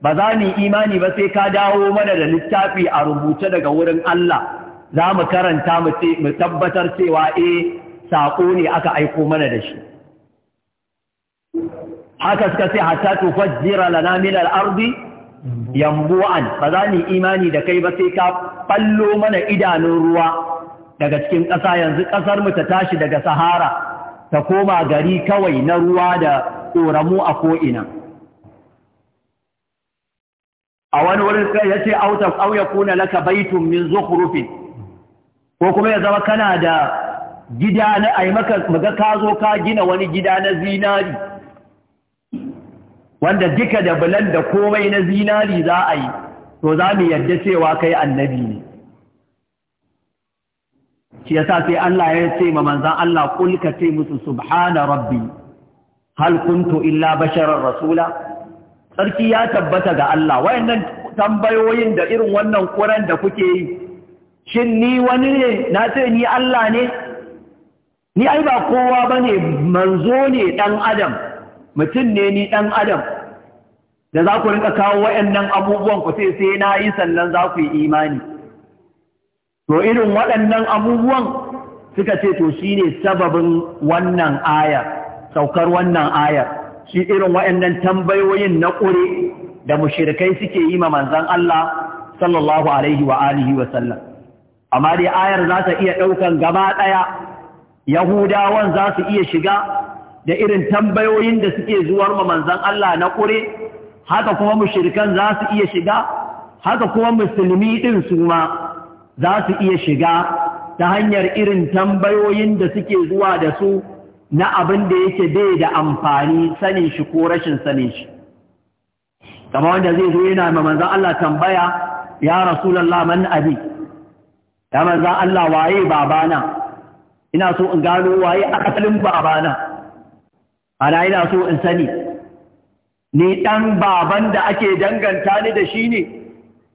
ba za mu imani ba sai ka dawo mana da littafi a rubuce daga wurin Allah za mu karanta mu tabbatar cewa eh saƙo ne aka aiko mana da shi haka suka sai hatta tufajjira lana min al-ardi yambu'an ba za imani da kai ba sai ka ballo mana idanun ruwa daga cikin ƙasa yanzu ƙasar mu ta tashi daga sahara ta koma gari kawai na ruwa da koramu a ko'ina a wani wurin sai ya ce auta auya kuna laka baitun min zukhrufin ko kuma ya zama kana da gida na ai maga ka zo ka gina wani gida na zinari wanda duka da bulan da komai na zinari za a yi to za mu yadda cewa kai annabi ne shi yasa sai Allah ya ce ma manzan Allah kul ka ce musu subhana rabbi hal kuntu illa basharar rasula sarki ya tabbata ga Allah wayannan tambayoyin da irin wannan kuran da kuke yi shin ni wani ne na ce ni Allah ne ni ai ba kowa bane manzo ne dan adam mutum ne ni ɗan adam da za ku rinka kawo waɗannan abubuwan ku sai sai na yi sannan za ku yi imani to irin waɗannan abubuwan suka ce to shi ne sababin wannan ayar saukar wannan ayar shi irin waɗannan tambayoyin na ƙure da mushirikai suke yi ma manzan Allah sallallahu alaihi wa alihi wa sallam amma dai ayar za ta iya ɗaukan gaba ɗaya yahudawan za su iya shiga da irin tambayoyin da suke zuwar ma manzan Allah na ƙure haka kuma mushrikan za su iya shiga haka kuma musulmi ɗin su ma za su iya shiga ta hanyar irin tambayoyin da suke zuwa da su na abin da yake bai da amfani sanin shi ko rashin sanin shi kama wanda zai zo yana ma Allah tambaya ya rasulallah man abi ya manzan Allah waye babana ina so in gano waye asalin babana ana ina so in sani ni ɗan baban da ake danganta ni da shi ne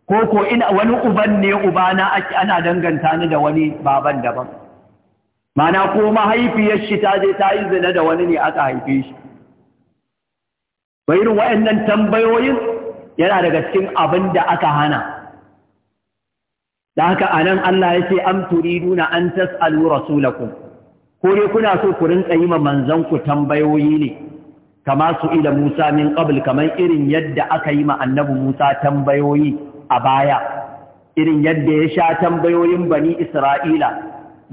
ko ko ina wani uban ne ubana ana danganta ni da wani baban daban mana ko mahaifiyar shi ta je ta yi zina da wani ne aka haife shi bayin waɗannan tambayoyin yana daga cikin abin da aka hana da haka anan Allah ya ce am turiduna an tas'alu rasulakum ko dai kuna so ku rinka yi ma manzon ku tambayoyi ne kama su ila Musa min qabl kaman irin yadda aka yi ma annabi Musa tambayoyi a baya irin yadda ya sha tambayoyin bani Isra'ila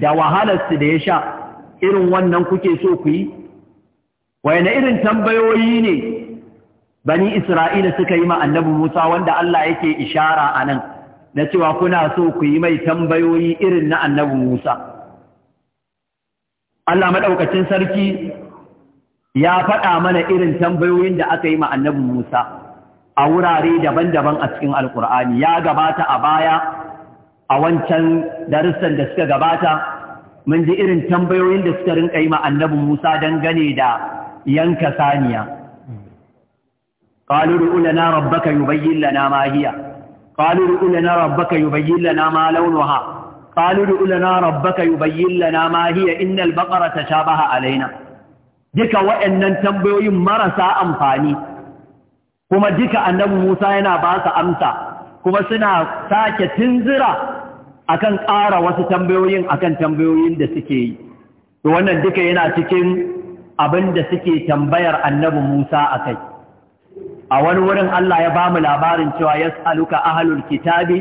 da wahalar su da ya sha irin wannan kuke so ku yi wayne irin tambayoyi ne bani Isra'ila suka yi ma annabi Musa wanda Allah yake ishara anan na cewa kuna so ku yi mai tambayoyi irin na annabi Musa Allah maɗaukacin sarki ya faɗa mana irin tambayoyin da aka yi ma annabi Musa a wurare daban-daban a cikin Alƙur'ani ya gabata a baya a wancan darussan da suka gabata mun ji irin tambayoyin da suka rinka yi ma annabi Musa dangane da yanka saniya قالوا ادع لنا ربك يبين لنا ما هي قالوا ادع لنا ربك يبين لنا ما لونها qalu du lana mahiya yubayyin lana ma hiya innal baqara tashabaha alaina duka waɗannan tambayoyin marasa amfani kuma duka annabi Musa yana ba su amsa kuma suna sake tunzira akan ƙara wasu tambayoyin akan tambayoyin da suke yi to wannan duka yana cikin abin da suke tambayar annabi Musa akai a wani wurin Allah ya bamu labarin cewa yas'aluka ahlul kitabi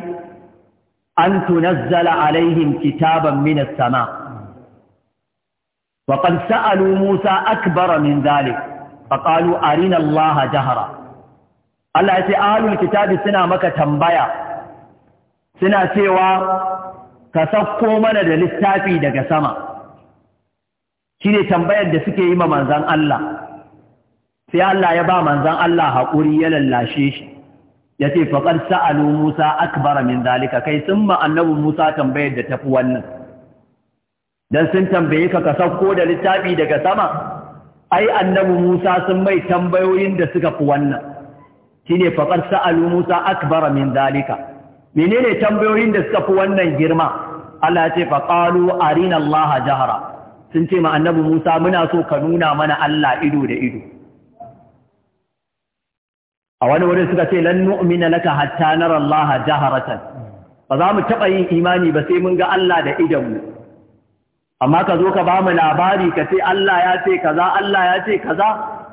an tunazzala alaihim kitaban minas sama وقد سألوا موسى أكبر من ذلك فقالوا أرنا الله جهرا الله يتي آل الكتاب سنة مكة تنبيا سنة سوى كسفكو من للستافي دك سما شيني تنبيا دسكي إما منزان الله sai Allah ya ba manzan Allah haƙuri ya lallashe shi ya ce faƙar sa'alu Musa akbara min dalika kai sun ma'annabin Musa tambayar da tafi wannan don sun tambaye ka ka sauko da littafi daga sama ai annabi Musa sun mai tambayoyin da suka fi wannan shi ne faƙar sa'alu Musa akbara min zalika menene tambayoyin da suka fi wannan girma Allah ce faƙalu arina Allah jahara sun ce ma annabi Musa muna so ka nuna mana Allah ido da ido a wani wurin suka ce lan nu'mina laka hatta nara Allah jaharatan ba za mu taɓa yin imani ba sai mun ga Allah da mu amma ka zo ka ba mu labari ka ce Allah ya ce kaza Allah ya ce kaza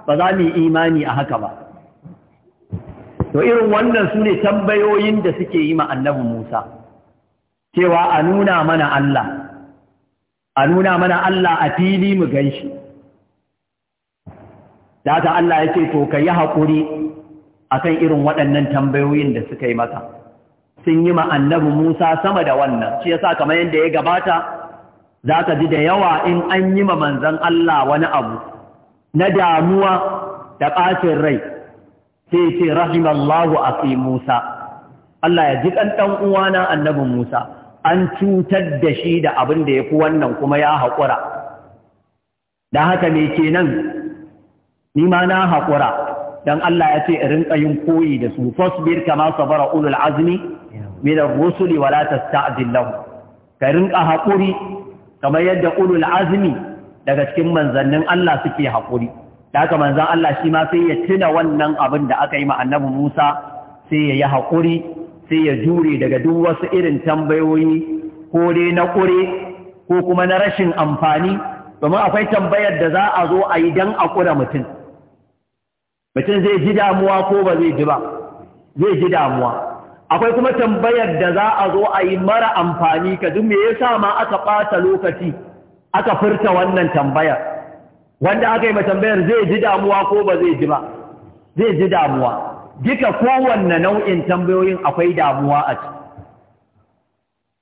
ba za mu yi imani a haka ba to irin wannan su ne tambayoyin da suke yi ma annabi Musa cewa a nuna mana Allah a nuna mana Allah a fili mu ganshi da ta Allah ya ce to ka yi haƙuri akan irin waɗannan tambayoyin da suka yi maka. sun yi ma annabi Musa sama da wannan shi yasa kamar yadda ya gabata Za ka ji da yawa in an yi ma manzon Allah wani abu na damuwa da ɓacin rai sai ce rahimallahu fi Musa Allah ya ji ɗanɗan uwana annabi Musa an cutar da shi da abin da ya fi wannan kuma ya haƙura da haka me nan? ni ma na haƙura dan Allah ya ce rinka yin koyi da su fasbir kama sabara ulul azmi min ar-rusuli wa la lahum ka rinka hakuri kamar yadda ulul azmi daga cikin manzannin Allah suke hakuri da haka manzan Allah shi ma sai ya tuna wannan abin da aka yi ma annabi Musa sai ya yi hakuri sai ya jure daga duk wasu irin tambayoyi ko dai na ƙure ko kuma na rashin amfani domin akwai tambayar da za a zo a yi dan a ƙura mutum mutum zai ji damuwa ko ba zai ji ba zai ji damuwa akwai kuma tambayar da za a zo a yi mara amfani ka duk me yasa ma aka ɓata lokaci aka furta wannan tambayar wanda aka yi tambayar zai ji damuwa ko ba zai ji ba zai ji damuwa duka kowanne nau'in tambayoyin akwai damuwa a ciki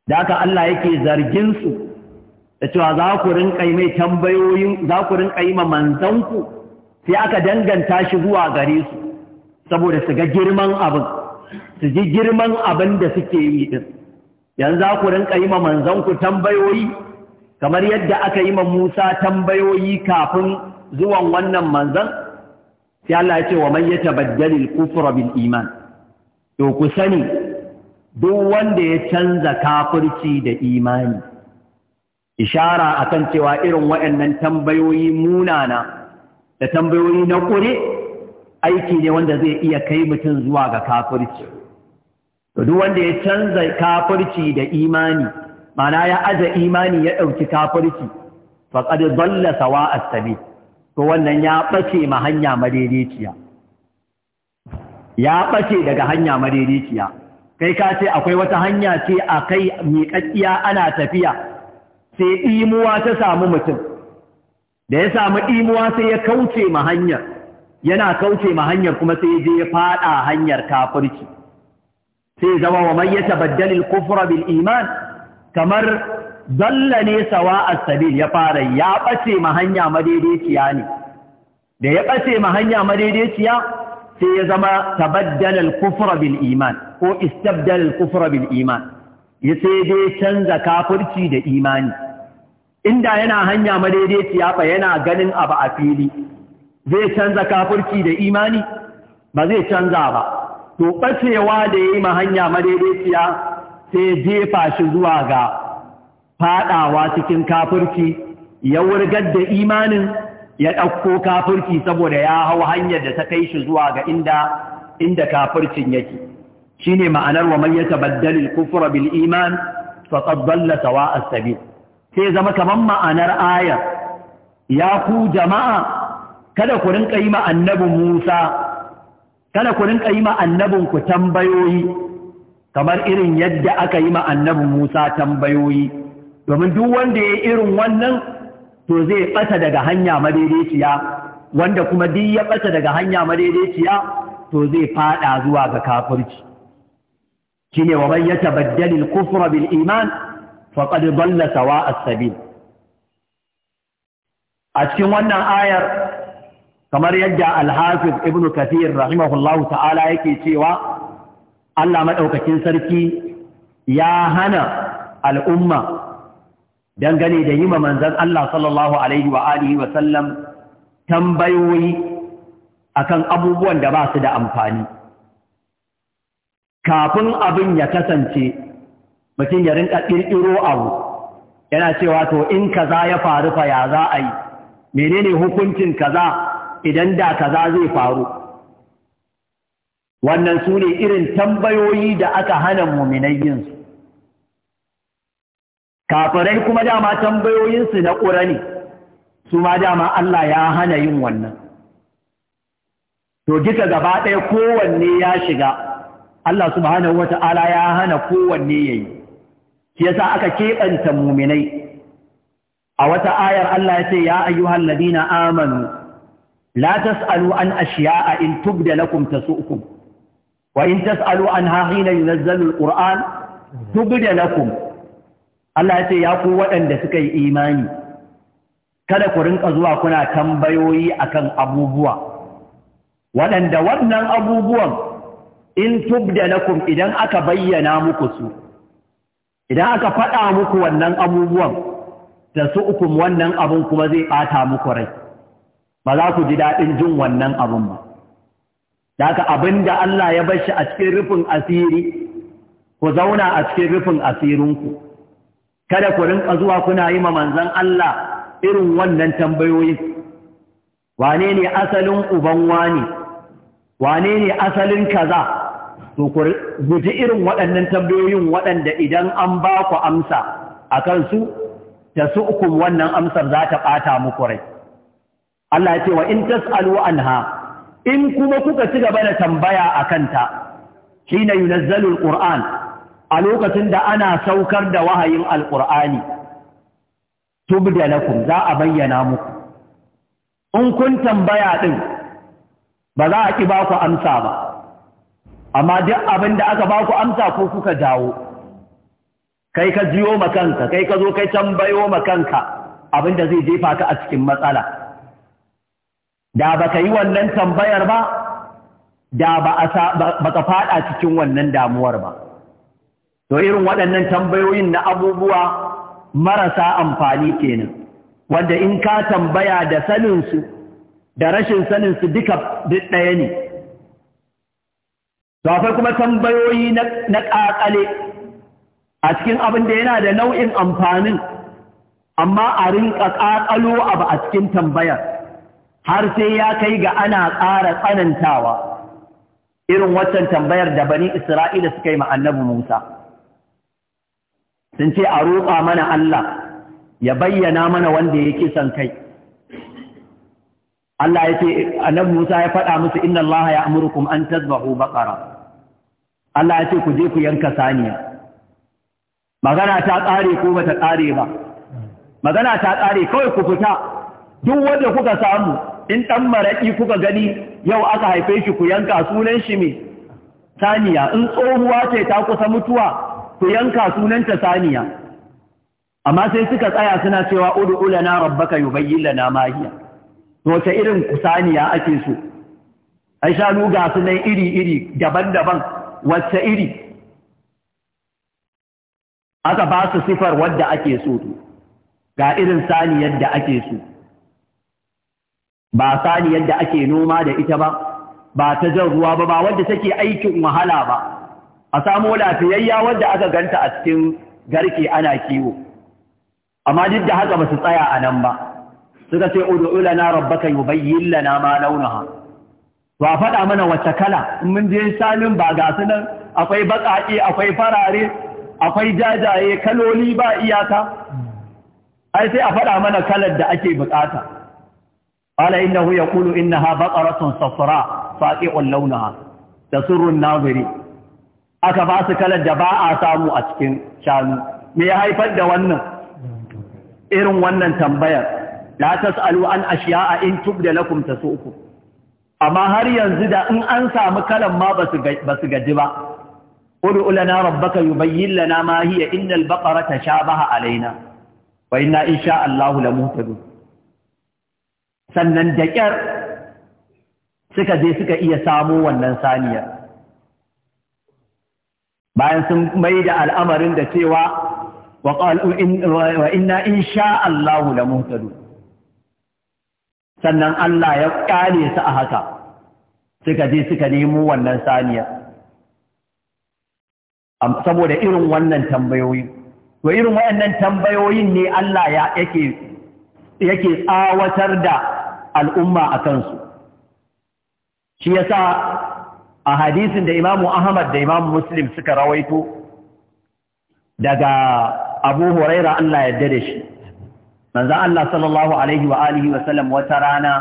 da haka Allah yake zargin su da cewa za ku rinka yi mai tambayoyin za ku rinka yi ma ku sai aka danganta shi zuwa gare su saboda su ga girman abin su ji girman abin da suke yi din yanzu za ku rinka yi ma ku tambayoyi kamar yadda aka yi ma Musa tambayoyi kafin zuwan wannan manzon. sai Allah ya ce wa man yatabaddalil kufra bil iman to ku sani duk wanda ya canza kafirci da imani ishara akan cewa irin waɗannan tambayoyi munana da tambayoyi na ƙure aiki ne wanda zai iya kai mutum zuwa ga kafirci duk wanda ya canza kafirci da imani mana ya aza imani ya ɗauki kafirci faƙar zalla sawa a sabi to wannan ya ɓace ma hanya madaidaiciya ya ɓace daga hanya madaidaiciya kai ka ce akwai wata hanya ce a kai miƙaƙƙiya ana tafiya sai ɗimuwa ta samu mutum da ya samu ɗimuwa sai ya kauce ma hanyar yana kauce ma hanyar kuma sai ya je ya faɗa hanyar kafirci sai zama wa man ya tabaddal kufra bil iman kamar dalla ne sawa as-sabil ya fara ya bace ma hanya madaidaiciya ne da ya bace ma hanya madaidaiciya sai ya zama tabaddal al-kufra bil iman ko istabdal al-kufra bil iman ya sai dai canza kafirci da imani inda yana hanya madaidaiciya fa yana ganin abu a fili zai canza kafirci da imani ba zai canza ba to bacewa da yayi ma hanya madaidaiciya sai jefa shi zuwa ga fadawa cikin kafirci ya wurgar da imanin ya ɗauko kafirci saboda ya hau hanyar da ta kai shi zuwa ga inda inda kafircin yake shine ma'anar wa man yatabaddalu al-kufra bil iman faqad dalla sawa'a as-sabil sai zama kamar ma'anar aya, ya ku jama'a kada ku rinka yi ma Musa kada ku rinka yi ma annabin ku tambayoyi kamar irin yadda aka yi ma annabin Musa tambayoyi domin duk wanda ya irin wannan to zai ɓata daga hanya madaidaiciya wanda kuma duk ya ɓata daga hanya madaidaiciya to zai fada zuwa ga kafirci shine wa man baddalil kufra bil iman faqad dalla sawa as-sabil a cikin wannan ayar kamar yadda alhafiz ibn kathir rahimahullahu ta'ala yake cewa Allah madaukakin sarki ya hana al'umma dangane da yima manzon Allah sallallahu alaihi wa alihi wa sallam tambayoyi akan abubuwan da ba su da amfani kafin abin ya kasance mutum ya rinka ƙirƙiro abu yana cewa to in kaza ya faru fa ya za a yi menene hukuncin kaza idan da kaza zai faru wannan su ne irin tambayoyi da aka hana muminai yinsu. kafirai kuma dama tambayoyinsu na ƙura ne su ma dama Allah ya hana yin wannan to duka gaba ɗaya kowanne ya shiga Allah subhanahu wata'ala ya hana kowanne ya yi. shi yasa aka keɓanta muminai a wata ayar Allah ya ce ya ayyuhal ladina amanu la tas'alu an ashiya'a in tubda lakum tasu'ukum wa in tas'alu an hina yunazzalu alquran tubda lakum Allah ya ce ya ku waɗanda suka yi imani kada ku rinka zuwa kuna tambayoyi akan abubuwa waɗanda wannan abubuwan in tubda lakum idan aka bayyana muku su idan aka faɗa muku wannan abubuwan da su ukum wannan abun kuma zai ɓata muku rai ba za ku ji daɗin jin wannan abun ba daga abin da Allah ya bashi a cikin rufin asiri ku zauna a cikin rufin asirinku kada ku rinka zuwa kuna yi ma manzon Allah irin wannan tambayoyi wane ne asalin uban wane wane ne asalin kaza to guji irin waɗannan tambayoyin waɗanda idan an ba ku amsa a kansu ta su ukun wannan amsar za ta ɓata muku rai Allah ya ce wa in tas'alu anha in kuma kuka ci gaba da tambaya a kanta shine yunazzalul qur'an a lokacin da ana saukar da wahayin alqur'ani tubda lakum za a bayyana muku in kun tambaya din ba za a ki ba ku amsa ba amma duk abin da aka ba ku amsa ko kuka dawo kai ka jiyo makanka kai ka zo kai tambayo makanka abin da zai jefa ka a cikin matsala da baka yi wannan tambayar ba da ba ka fada cikin wannan damuwar ba to irin waɗannan tambayoyin na abubuwa marasa amfani kenan wanda in ka tambaya da saninsu da rashin saninsu duka duk ɗaya ne to akwai kuma tambayoyi na ƙaƙale a cikin abin da yana da nau'in amfanin amma a rinka ƙaƙalo abu a cikin tambayar har sai ya kai ga ana ƙara tsanantawa irin waccan tambayar da bani isra'ila suka yi ma musa sun ce a roƙa mana allah ya bayyana mana wanda ya kisan kai Allah ya ce annabi Musa ya faɗa musu inna Allah ya amurukum an tazbahu baqara Allah ya ce ku je ku yanka saniya magana ta ƙare ko bata ƙare ba magana ta ƙare kawai ku fita duk wanda kuka samu in ɗan maraƙi kuka gani yau aka haife shi ku yanka sunan shi me saniya in tsohuwa ce ta kusa mutuwa ku yanka sunanta saniya amma sai suka tsaya suna cewa ud'u lana rabbaka yubayyin lana ma hiya to ta irin saniya ake so ai shanu ga su nan iri iri daban-daban wacce iri aka ba su sifar wadda ake so ga irin sani yadda ake so ba sani yadda ake noma da ita ba ba ta jan ruwa ba ba wadda take aikin wahala ba a samu lafiyayya wadda aka ganta a cikin garke ana kiwo amma duk da haka ba su tsaya a nan ba suka ce ud'u lana rabbaka yubayyin lana ma launaha ba faɗa mana wacce kala in mun je salin ba ga su nan akwai baƙaƙe akwai farare akwai jajaye kaloli ba iyaka ai sai a faɗa mana kalar da ake buƙata ala innahu yaqulu innaha baqaratun safra faqi'un launaha tasurru an-naziri aka ba su kalar da ba a samu a cikin shanu me ya haifar da wannan irin wannan tambayar la tasalu an ashiya'a in tubda lakum tasu'ukum amma har yanzu da in an samu kalan ma ba su gaji ba udu lana rabbaka yubayyin lana ma hiya innal baqara tashabaha alaina wa inna insha Allah la muhtadun sannan da ƙyar suka je suka iya samu wannan saniyar bayan sun mai da al'amarin da cewa wa inna insha allahu la muhtadun sannan Allah ya ƙare su a haka suka je suka nemo wannan saniya saboda irin wannan tambayoyi to irin waɗannan tambayoyin ne Allah ya yake tsawatar da al'umma a kansu shi yasa a hadisin da Imam ahmad da Imam muslim suka rawaito daga abu huraira Allah yarda da shi manzo Allah sallallahu alaihi wa alihi wa sallam wata rana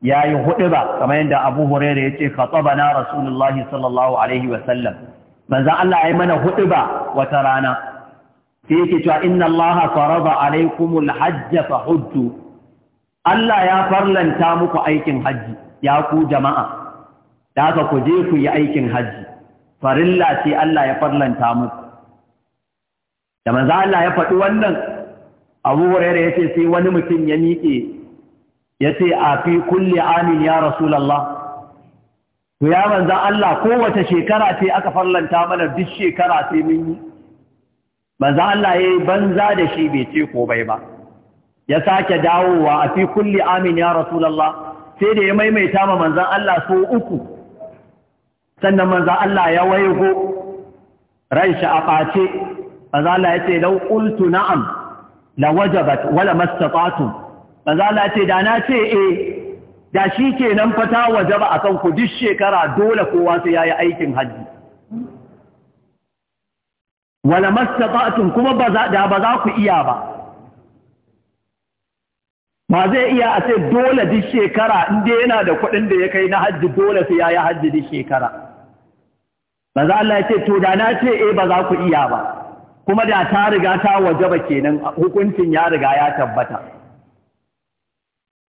yayi hudiba kamar yadda Abu Hurairah yace khatabana Rasulullahi sallallahu alaihi wa sallam manzo Allah yayi mana hudiba wata rana sai yake cewa inna Allah farada alaikumul hajj fa hujju Allah ya farlanta muku aikin haji ya ku jama'a da haka ku je ku yi aikin haji farilla ce Allah ya farlanta muku da manzo Allah ya faɗi wannan Abubuwar hurairu ya ce sai wani mutum ya miƙe ya ce a fi kulle amin ya rasulallah ku ya manzan Allah kowace shekara ce aka farlanta mana duk shekara sai mun yi manzan Allah ya yi banza da shi bai ce ko bai ba ya sake dawowa a fi kulle amin ya rasulallah sai da ya maimaita ma manzan Allah so uku sannan manzan Allah ya waigo ran shi a ɓace manzan Allah ya ce don ƙultu na'am la wajabat wala mastata'tum manzo Allah ce da na ce eh da shi kenan fata wajaba akan ku duk shekara dole kowa sai yayi aikin haji wala mastata'tum kuma da ba za ku iya ba ba zai iya a ce dole duk shekara inda yana da kuɗin da ya kai na haji dole sai yayi haji duk shekara manzo Allah ya ce to da na ce eh ba za ku iya ba kuma da ta riga ta waje wajaba kenan hukuncin ya riga ya tabbata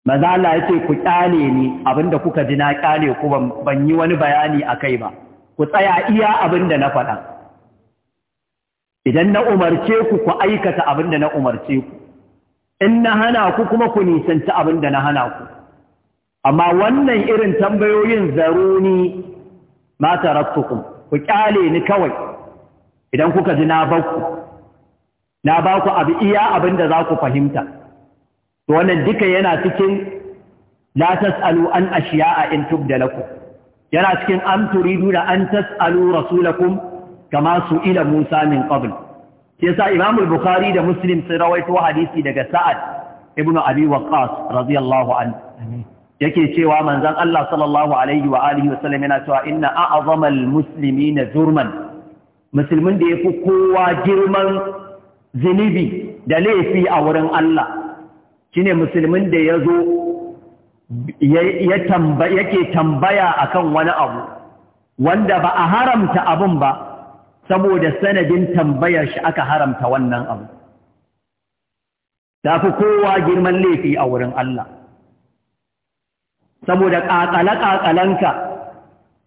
maza Allah yace ku kyale ni abinda kuka ji na ƙyale ku ban yi wani bayani akai ba ku tsaya iya abinda na faɗa idan na umarce ku ku aikata abinda na umarce ku in na hana ku kuma ku nisanci abinda na hana ku amma wannan irin tambayoyin zaruni ma tarattukum, ku ƙyale ni kawai idan kuka ji na baku na baku abu iya abin da za ku fahimta to wannan duka yana cikin la tasalu an ashiya'a in tubda lakum yana cikin am da an tasalu rasulakum kama su'ila Musa min qabl yasa Imam al-Bukhari da Muslim sun rawaito hadisi daga Sa'ad ibn Abi Waqqas radiyallahu anhu yake cewa manzon Allah sallallahu alaihi wa alihi wa sallam yana cewa inna a'zama al-muslimina zurman musulmin da ya fi kowa girman zunubi da laifi a wurin Allah shi ne musulmin da ya zo yake tambaya a kan wani abu wanda ba a haramta abin ba saboda sanadin tambayar shi aka haramta wannan abu ta fi kowa girman laifi a wurin Allah saboda ƙaƙale-ƙaƙalenka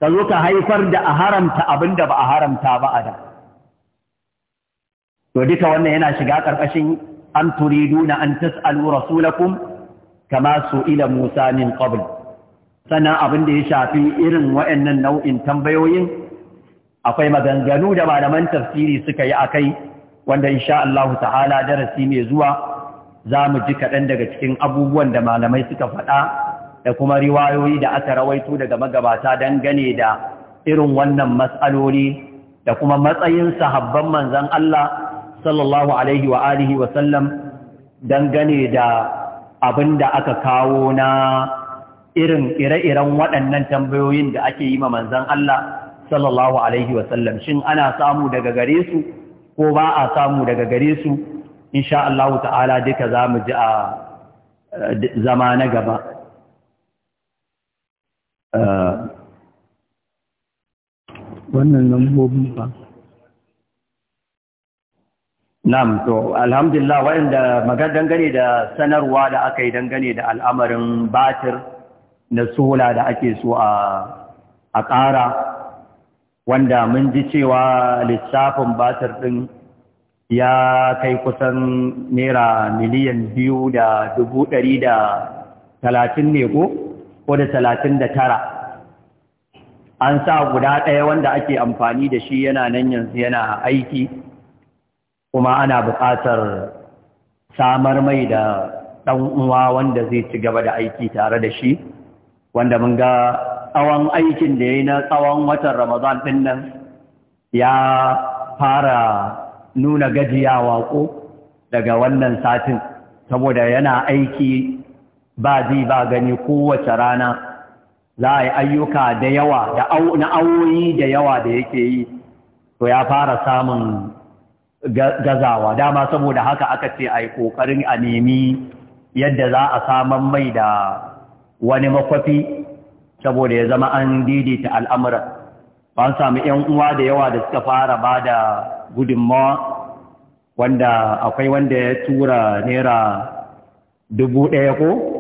ka zo ka haifar da a haramta abin da ba a haramta ba a da to duka wannan yana shiga ƙarƙashin an na an tas'alu rasulakum kama su'ila Musa min qabl sannan abin da ya shafi irin waɗannan nau'in tambayoyin akwai maganganu da malaman tafsiri suka yi akai wanda insha Allah ta'ala darasi mai zuwa za mu ji kaɗan daga cikin abubuwan da malamai suka faɗa da kuma riwayoyi da aka rawaito daga magabata dangane da irin wannan matsaloli da kuma matsayin sahabban manzan Allah sallallahu alaihi wa alihi wa sallam dangane da abinda aka kawo na irin ire-iren waɗannan tambayoyin da ake yi ma manzan Allah sallallahu alaihi wa sallam shin ana samu daga gare su ko ba a samu daga gare su insha Allah ta'ala duka za mu ji a eh, zama na gaba Ah, wannan lambobin ba Nam, to, alhamdulillah waɗanda magar dangane da sanarwa da aka yi dangane da al'amarin batir na sola da ake so a ƙara, wanda mun ji cewa lissafin batir ɗin ya kai kusan naira miliyan biyu da dubu ɗari da talatin ne ko? ko da talatin da tara an sa guda ɗaya wanda ake amfani da shi yana nan yanzu yana aiki kuma ana buƙatar samar mai da ɗan uwa wanda zai ci gaba da aiki tare da shi wanda mun ga tsawon aikin da ya yi na tsawon watan ramadan ɗin nan ya fara nuna gajiyawa ko daga wannan satin saboda yana aiki ba ji ba gani kowace rana za a yi ayyuka da yawa na awoyi da yawa da yake yi to ya fara samun gazawa dama saboda haka aka ce a yi ƙoƙarin a nemi yadda za a saman mai da wani makwafi saboda ya zama an daidaita al'amura Ba sami ‘yan uwa da yawa da suka fara ba da gudunmawa wanda akwai wanda ya tura naira dubu ɗaya ko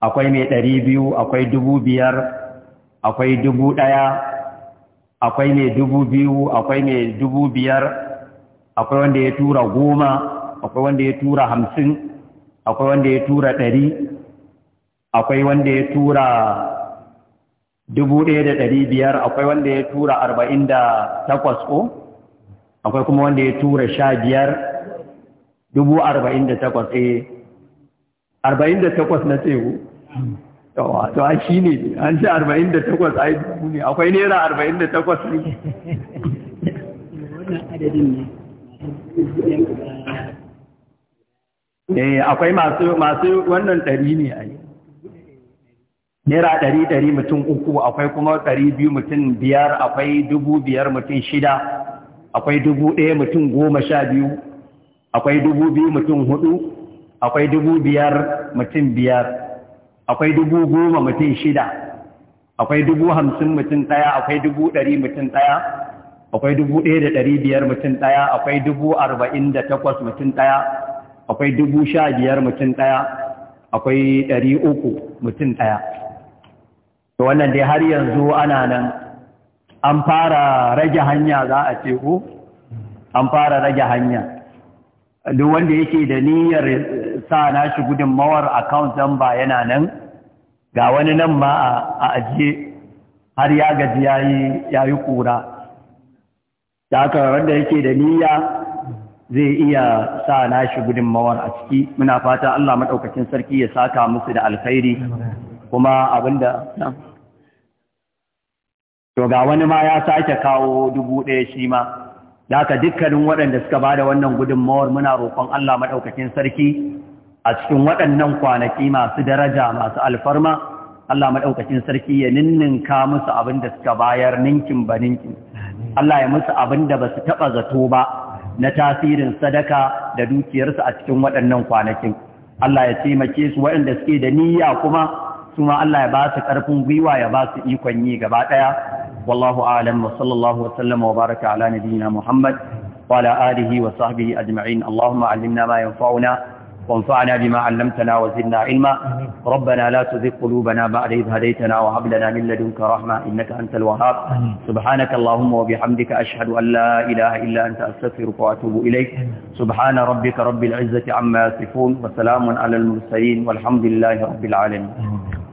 akwai mai ɗari biyu akwai dubu biyar akwai dubu ɗaya akwai mai dubu biyu akwai mai dubu biyar akwai wanda ya tura goma akwai wanda ya tura hamsin akwai wanda ya tura ɗari akwai wanda ya tura dubu ɗaya da ɗari biyar akwai wanda ya tura arba'in da takwas ko akwai kuma wanda ya tura sha biyar dubu arba'in da takwas ɗaya eh, arba'in da takwas na tsegu. to a shi ne an ce 48 ai dubu ne akwai nera 48 ne wannan adadin ne eh, akwai masu wannan ɗari ne yi Nera ɗari ɗari mutum uku akwai kuma ɗari biyu mutum biyar akwai dubu biyar mutum shida akwai dubu ɗaya mutum goma sha biyu akwai dubu biyu mutum hudu akwai dubu biyar mutum biyar akwai dubu goma mutum shida akwai dubu hamsin mutum ɗaya akwai dubu ɗari mutum ɗaya akwai dubu ɗaya da ɗari biyar mutum ɗaya akwai dubu arba'in da takwas mutum ɗaya akwai dubu sha biyar mutum ɗaya akwai ɗari uku mutum ɗaya to wannan dai har yanzu ana nan an fara rage hanya za a ce ko an fara rage hanya duk wanda yake da niyyar sa na shi gudunmawar account number yana nan ga wani nan ma a ajiye har ya gaji ya yi kura. da aka wanda yake da niyya zai iya sa na shi gudunmawar a ciki muna fata Allah maɗaukacin sarki ya saka musu da alkhairi kuma abinda to ga wani ma ya sake kawo dubu ɗaya shi ma Daka dukkanin waɗanda suka da wannan gudunmawar muna roƙon Allah maɗaukakin sarki a cikin waɗannan kwanaki masu daraja masu alfarma Allah maɗaukakin sarki ya ninninka musu abin da suka bayar ninkin ba ninkin Allah ya musu abin da ba su taɓa zato ba na tasirin sadaka da dukiyarsu a cikin waɗannan kwanakin Allah ya taimake su waɗanda suke da niyya kuma suma Allah ya ba su ƙarfin gwiwa ya ba su ikon yi gaba ɗaya wallahu a'lam wa sallallahu wa sallama wa baraka ala nabiyyina Muhammad wa ala alihi wa sahbihi ajma'in Allahumma 'allimna ma yanfa'una وانفعنا بما علمتنا وزدنا علما ربنا لا تزغ قلوبنا بعد إذ هديتنا وهب لنا من لدنك رحمة إنك أنت الوهاب سبحانك اللهم وبحمدك أشهد أن لا إله إلا أنت أستغفرك وأتوب إليك سبحان ربك رب العزة عما يصفون وسلام على المرسلين والحمد لله رب العالمين